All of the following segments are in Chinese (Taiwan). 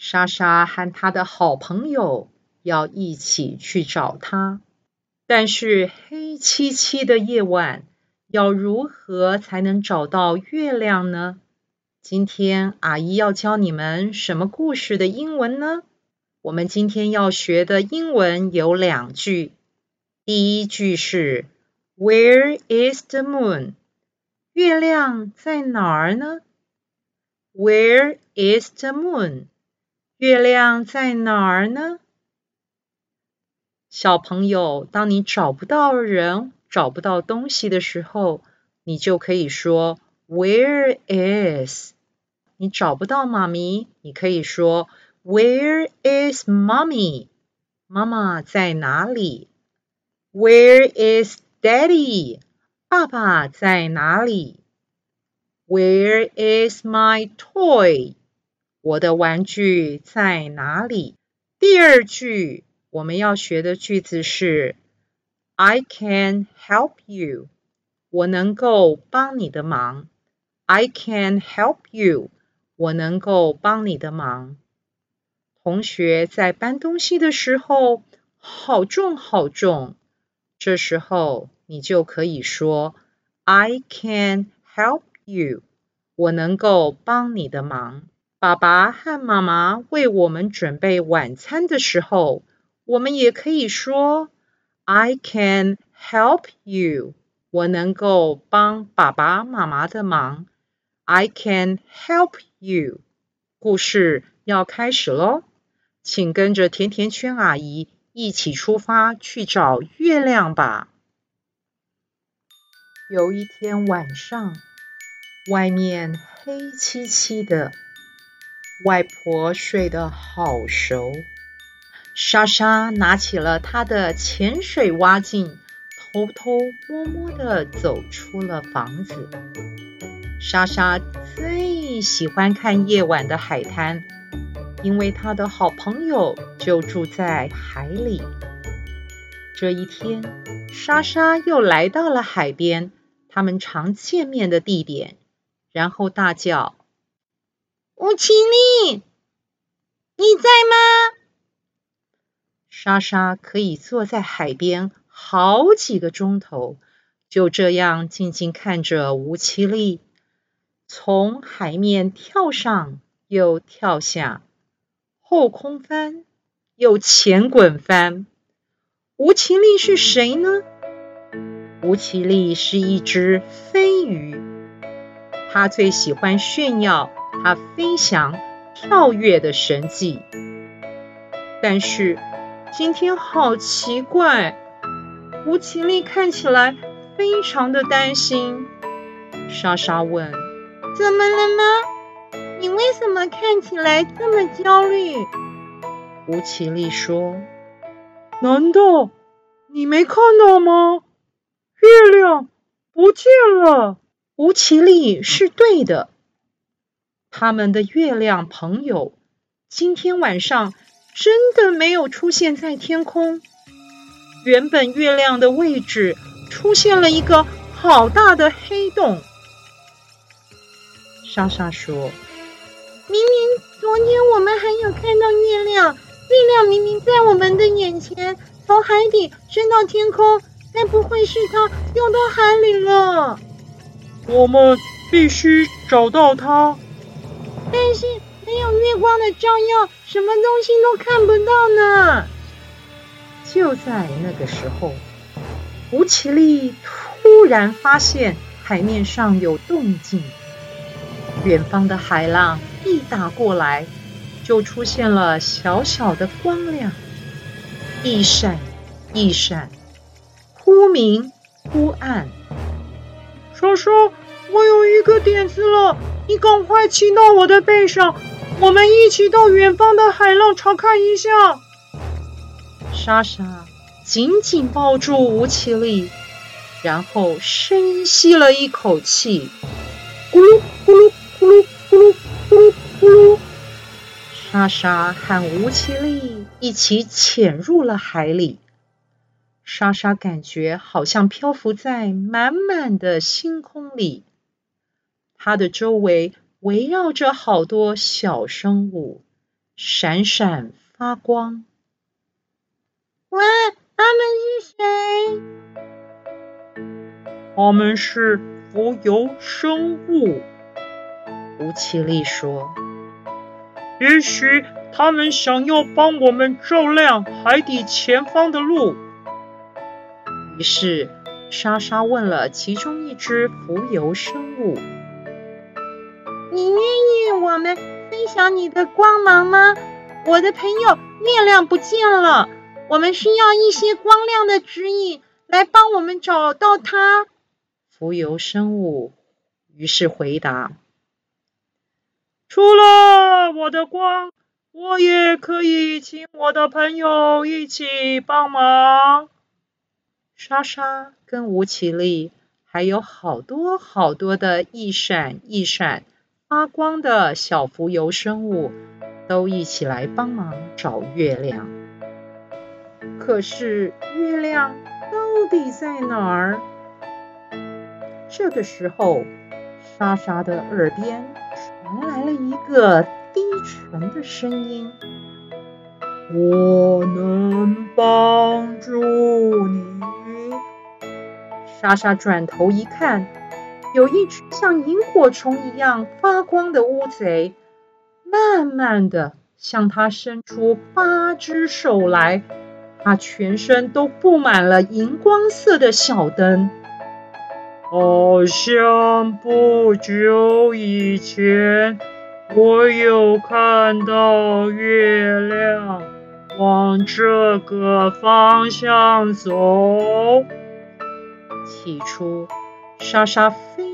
莎莎和她的好朋友要一起去找他，但是黑漆漆的夜晚，要如何才能找到月亮呢？今天阿姨要教你們什麼故事的英文呢？我們今天要學的英文有兩句，第一句是 Where is the moon？月亮在哪兒呢？Where is the moon？月亮在哪兒呢？小朋友，當你找不到人、找不到東西的時候，你就可以說 Where is？你找不到媽咪，你可以說 Where is Mommy？媽媽在哪裡？Where is Daddy？爸爸在哪裡？Where is my toy？我的玩具在哪裡？第二句，我們要學的句子是 "I can help you"，我能夠幫你的忙。"I can help you"，我能夠幫你的忙。同學在搬東西的時候，好重，好重。這時候你就可以說 "I can help you"，我能夠幫你的忙。爸爸和媽媽為我們準備晚餐的時候，我們也可以說 "I can help you"，我能夠幫爸爸媽媽的忙。I can help you。故事要開始嘍，請跟着甜甜圈阿姨一起出發去找月亮吧。有一天晚上，外面黑漆漆的。外婆睡得好熟，莎莎拿起了她的潛水蛙鏡，偷偷摸摸地走出了房子。莎莎最喜歡看夜晚的海灘，因為她的好朋友就住在海裡。這一天，莎莎又來到了海邊，他們常見面的地點，然後大叫。烏奇力，你在嗎？莎莎可以坐在海邊好幾個鐘頭，就這樣靜靜看着烏奇力從海面跳上又跳下，後空翻又前滾翻。烏奇力是誰呢？烏奇力是一隻飛魚，他最喜歡炫耀，他飛翔、跳躍的神跡，但是今天好奇怪，烏奇力看起來非常的擔心。莎莎問：“怎麼了嗎？你為什麼看起來這麼焦慮？”烏奇力說：“難道你沒看到嗎？月亮不見了。”烏奇力是對的。他們的月亮朋友今天晚上真的沒有出現在天空，原本月亮的位置出現了一個好大的黑洞。莎莎說：“明明昨天我們還有看到月亮，月亮明明在我們的眼前，從海底升到天空，該不會是它掉到海裡了？”我們必須找到它。但是沒有月光的照耀，什麼東西都看不到呢。就在那個時候，烏奇力突然發現海面上有動靜，遠方的海浪一打過來，就出現了小小的光亮，一閃一閃，忽明忽暗。莎莎，我有一個點子了。你趕快騎到我的背上，我們一起到遠方的海浪查看一下。莎莎緊緊抱住烏奇力，然後深吸了一口氣，咕嚕咕嚕咕嚕咕嚕咕嚕咕嚕。莎莎和烏奇力一起潛入了海裡，莎莎感覺好像漂浮在滿滿的星空裡。它的周圍圍繞着好多小生物，閃閃發光。哇，它們是誰？它們是浮游生物。烏奇力說：“也許它們想要幫我們照亮海底前方的路。”於是，莎莎問了其中一只浮游生物。你願意我們分享你的光芒嗎，我的朋友？月亮不見了，我們需要一些光亮的指引來幫我們找到它。浮游生物於是回答：“除了我的光，我也可以請我的朋友一起幫忙。”莎莎跟烏奇力還有好多好多的一閃一閃。發光的小浮游生物都一起來幫忙找月亮。可是月亮到底在哪兒？這個時候，莎莎的耳邊傳來了一個低沉的聲音：“我能幫助你。”莎莎轉頭一看。有一隻像螢火蟲一樣發光的烏賊，慢慢的向他伸出八只手來，他全身都佈滿了熒光色的小燈，好像不久以前我有看到月亮往這個方向走。起初，莎莎。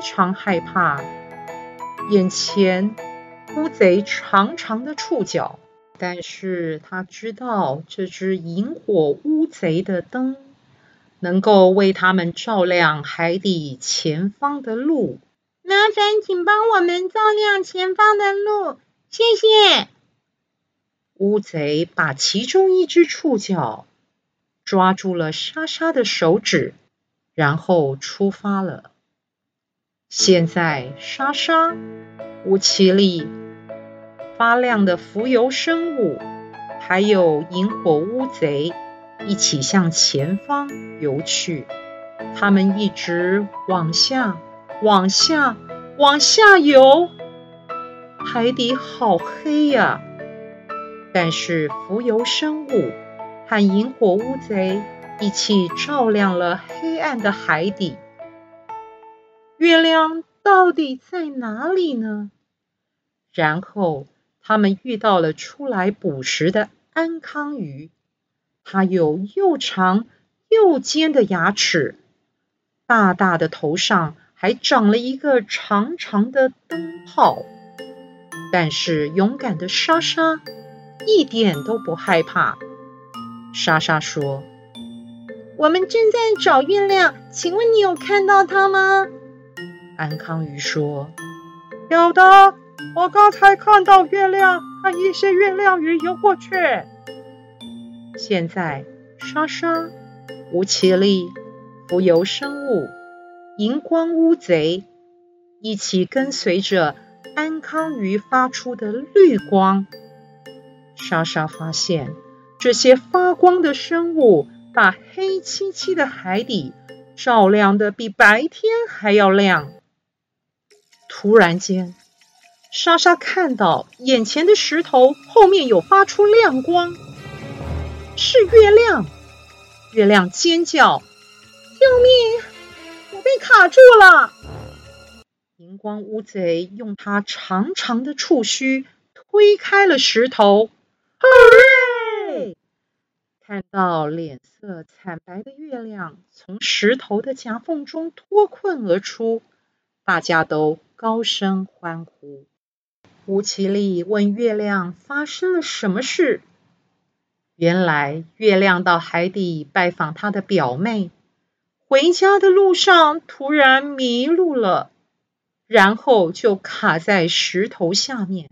非常害怕眼前烏賊長長的觸角，但是他知道這隻螢火烏賊的燈能夠為他們照亮海底前方的路。麻煩請幫我們照亮前方的路，謝謝。烏賊把其中一隻觸角抓住了莎莎的手指，然後出發了。現在，莎莎、烏奇力、發亮的浮游生物，還有螢火烏賊，一起向前方游去。它們一直往下、往下、往下游。海底好黑呀！但是浮游生物和螢火烏賊一起照亮了黑暗的海底。月亮到底在哪裡呢？然後他們遇到了出來捕食的安康魚，它有又長又尖的牙齒，大大的頭上還長了一個長長的燈泡。但是勇敢的莎莎一點都不害怕。莎莎說：“我們正在找月亮，請問你有看到它嗎？”安康魚說：“有的，我剛才看到月亮和一些月亮魚游過去。現在，莎莎、烏奇力、浮游生物、熒光烏賊一起跟隨着安康魚發出的綠光。莎莎發現，這些發光的生物把黑漆漆的海底照亮得比白天還要亮。”突然間，莎莎看到眼前的石頭後面有發出亮光，是月亮。月亮尖叫：“救命！我被卡住了！”熒光烏賊用它長長的觸鬚推開了石頭。Hurray! 看到臉色慘白的月亮從石頭的夾縫中脫困而出，大家都。高聲歡呼。烏奇力問月亮：“發生了什麼事？”原來，月亮到海底拜訪他的表妹，回家的路上突然迷路了，然後就卡在石頭下面。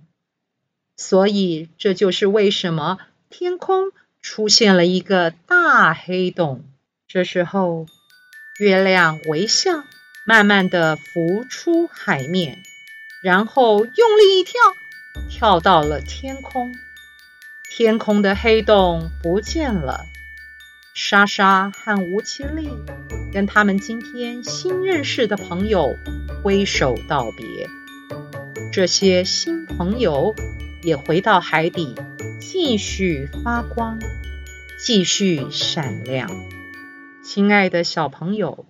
所以，這就是為什麼天空出現了一個大黑洞。這時候，月亮微笑。慢慢地浮出海面，然後用力一跳，跳到了天空。天空的黑洞不見了。莎莎和烏奇力跟他們今天新認識的朋友揮手道別。這些新朋友也回到海底，繼續發光，繼續閃亮。親愛的小朋友。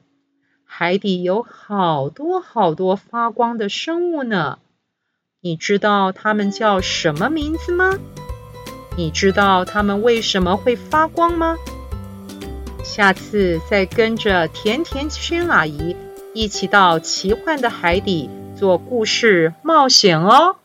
海底有好多好多發光的生物呢，你知道它們叫什麼名字嗎？你知道它們為什麼會發光嗎？下次再跟着甜甜圈阿姨一起到奇幻的海底做故事冒險哦！